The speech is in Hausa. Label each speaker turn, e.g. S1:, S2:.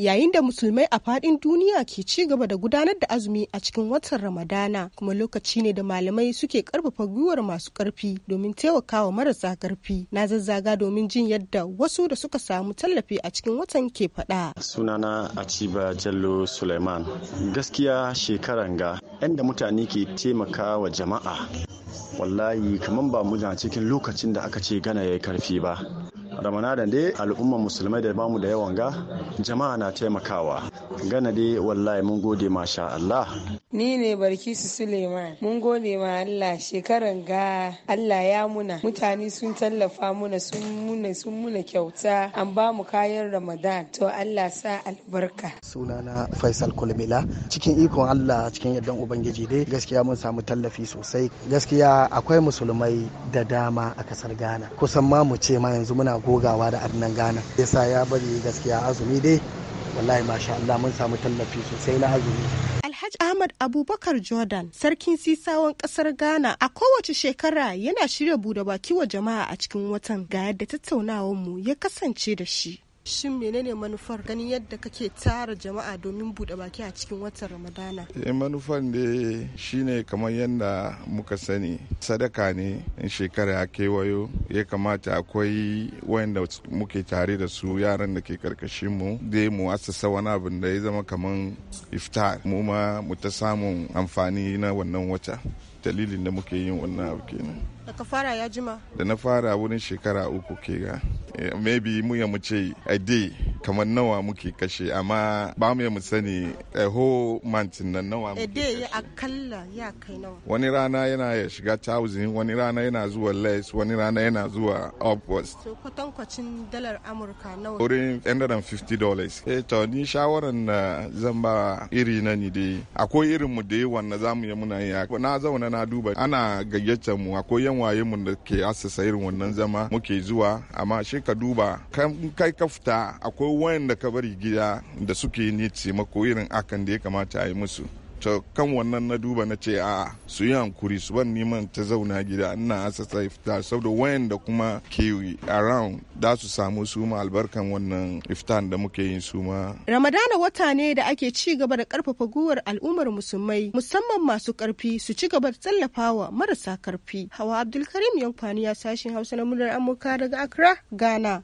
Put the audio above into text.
S1: yayin da musulmai a faɗin duniya ke ci gaba da gudanar da azumi a cikin watan ramadana kuma lokaci ne da malamai suke karfafa gwiwar masu karfi domin taimakawa marasa karfi na zazzaga domin jin yadda wasu da suka samu tallafi a cikin watan ke faɗa.
S2: sunana aciba jallo suleiman gaskiya shekaran ga yadda mutane ke taimaka wa jama'a wallahi kamar ba mu cikin lokacin da aka ce gana ya karfi ba ramanadan dai al'umman musulmai da bamu da yawan ga jama'a na taimakawa gana dai wallahi mun gode masha Allah
S1: ni ne barkisu suleiman mun gode ma Allah shekaran ga Allah ya muna mutane sun tallafa muna sun muna sun muna kyauta an ba mu kayan ramadan to Allah sa albarka sunana
S2: faisal kulmila cikin ikon Allah cikin yardan ubangiji dai gaskiya mun samu tallafi sosai gaskiya akwai musulmai da dama a kasar ghana kusan ma mu ce ma yanzu muna gogawa da arnan ghana yasa ya bari gaskiya azumi dai wallahi masha Allah mun samu tallafi sosai na azumi
S1: Alhaji Ahmad Abubakar Jordan, sarkin sisawan kasar Ghana, a kowace shekara yana shirya bude baki wa jama'a a cikin watan ga yadda tattaunawar mu ya kasance da shi. shin menene manufar ganin yadda kake tara jama'a domin buɗe baki a cikin watan ramadana
S3: eh, manufar da shine kamar yadda muka sani sadaka ne in shekara ya kewayo ya kamata akwai wanda muke tare da su yaran da ke karkashin mu da mu asasa wani abin da ya zama kamar iftar mu ma mu ta samun amfani na wannan wata dalilin da muke yin wannan abu kenan
S1: da ka fara ya jima
S3: da na fara wurin shekara uku ke ga eh, maybe mu ya mu ce a day kamar nawa muke kashe amma ba mu mu sani ho mantin nan nawa muke kashe. ya akalla ya kai nawa. Wani rana yana ya shiga tausin wani rana yana zuwa less wani rana yana zuwa upwards.
S1: So kwatankwacin dalar Amurka nawa.
S3: Wurin $150 dollars. Eh to ni shawaran na zan ba iri na ni dai akwai irin mu da wanda za mu yi muna yi na zauna na duba ana gayyatar mu akwai yan waye mu da ke asasa irin wannan zama muke zuwa amma shi ka duba kai ka fita akwai wayanda ka bari gida da suke ne taimako irin akan da ya kamata a yi musu ta kan wannan na duba na ce a su yi hankuri su ban neman ta zauna gida ina asasa iftar saboda wayanda kuma ke around da su samu su ma albarkan wannan iftar da muke yin suma.
S1: Ramadana wata ne da ake ci gaba da karfafa guwar al'ummar musulmai musamman masu karfi su ci gaba da tsallafawa marasa karfi. Hawa Abdulkarim Yankwani ya sashen Hausa na murar Amurka daga Accra, Ghana.